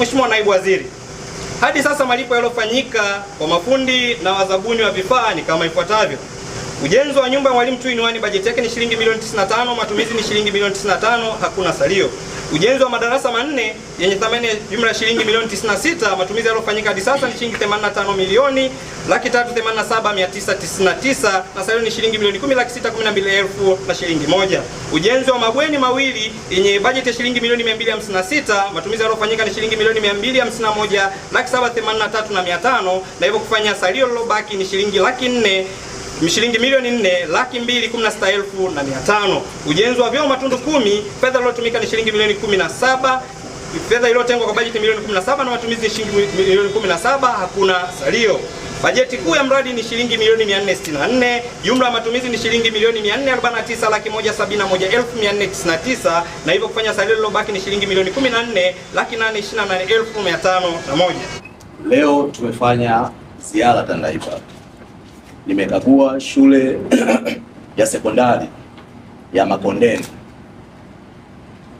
Mheshimiwa Naibu Waziri, hadi sasa malipo yaliyofanyika kwa mafundi na wazabuni wa vifaa ni kama ifuatavyo. Ujenzi wa nyumba ya mwalimu tu inuani bajeti yake ni shilingi milioni 95, matumizi ni shilingi milioni 95, hakuna salio. Ujenzi wa madarasa manne yenye thamani ya jumla ya shilingi milioni 96, matumizi yaliyofanyika hadi sasa ni shilingi 85 milioni laki tatu na salio ni shilingi milioni 10 laki sita na shilingi moja. Ujenzi wa mabweni mawili yenye bajeti ya shilingi milioni 256, matumizi yaliyofanyika ni shilingi milioni 251 laki saba na hivyo kufanya salio lilobaki ni shilingi laki nne shilingi milioni nne laki mbili kumi na sita elfu na mia tano. Ujenzi wa vyoo matundu kumi, fedha iliyotumika ni shilingi milioni kumi saba fedha iliyotengwa kwa bajeti milioni 17 na matumizi ni shilingi milioni 17. Hakuna salio. Bajeti kuu ya mradi ni shilingi milioni 464. Jumla ya matumizi ni shilingi milioni 449 laki moja sabini na moja elfu mia nne tisa na hivyo kufanya salio lilobaki ni shilingi milioni 14 laki nane ishirini nane elfu mia na moja. Leo tumefanya ziara Tandahimba nimekagua shule ya sekondari ya Makondeni,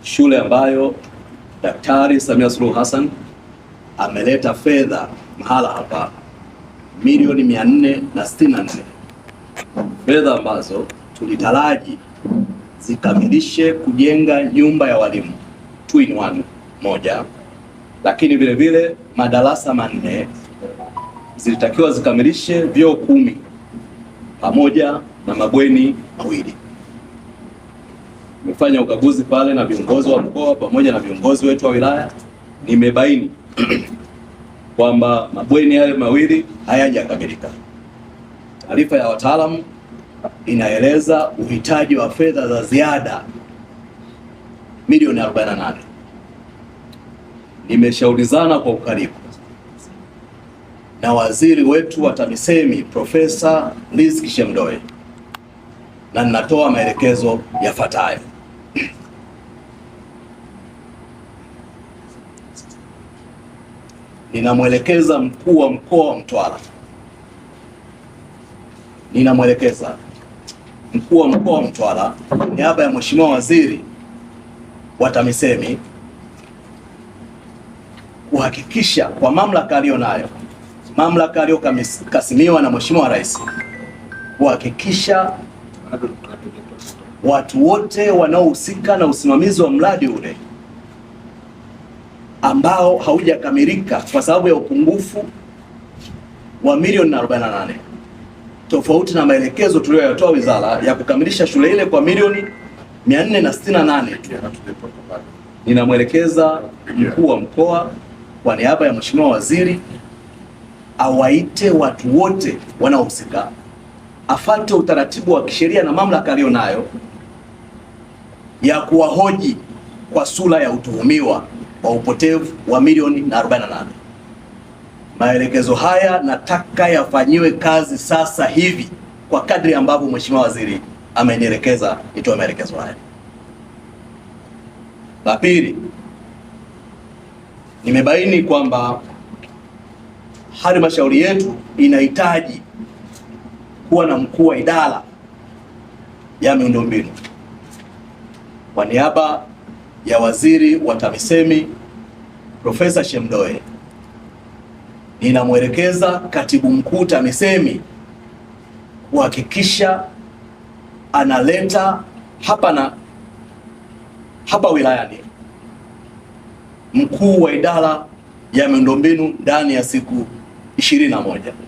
shule ambayo Daktari Samia Suluhu Hassan ameleta fedha mahala hapa milioni 464, fedha ambazo tulitaraji zikamilishe kujenga nyumba ya walimu two in one moja, lakini vilevile madarasa manne zilitakiwa zikamilishe vyoo kumi pamoja na mabweni mawili. Nimefanya ukaguzi pale na viongozi wa mkoa pamoja na viongozi wetu wa wilaya, nimebaini kwamba mabweni yale mawili hayajakamilika. Taarifa ya wataalamu inaeleza uhitaji wa fedha za ziada milioni 48. Nimeshaulizana kwa ukaribu na waziri wetu wa TAMISEMI Profesa Liz Kishemdoe, na ninatoa maelekezo yafuatayo. Ninamwelekeza mkuu wa mkoa wa Mtwara, ninamwelekeza mkuu wa mkoa wa Mtwara niaba ya mheshimiwa waziri wa TAMISEMI kuhakikisha kwa mamlaka aliyonayo mamlaka aliyokasimiwa na Mheshimiwa Rais kuhakikisha watu wote wanaohusika na usimamizi wa mradi ule ambao haujakamilika kwa sababu ya upungufu wa milioni 48 tofauti na maelekezo tuliyoyatoa wizara ya kukamilisha shule ile kwa milioni 468 ninamwelekeza mkuu wa mkoa kwa niaba ya Mheshimiwa Waziri awaite watu wote wanaohusika, afate utaratibu wa kisheria na mamlaka aliyonayo ya kuwahoji kwa sura ya utuhumiwa wa upotevu wa milioni na 48. Maelekezo haya nataka yafanyiwe kazi sasa hivi kwa kadri ambavyo Mheshimiwa Waziri amenielekeza nitoe maelekezo haya. La pili, nimebaini kwamba halmashauri yetu inahitaji kuwa na mkuu wa idara ya miundombinu. Kwa niaba ya waziri wa TAMISEMI Profesa Shemdoe, ninamwelekeza katibu mkuu TAMISEMI kuhakikisha analeta hapa na hapa wilayani mkuu wa idara ya miundombinu ndani ya siku ishirini na moja.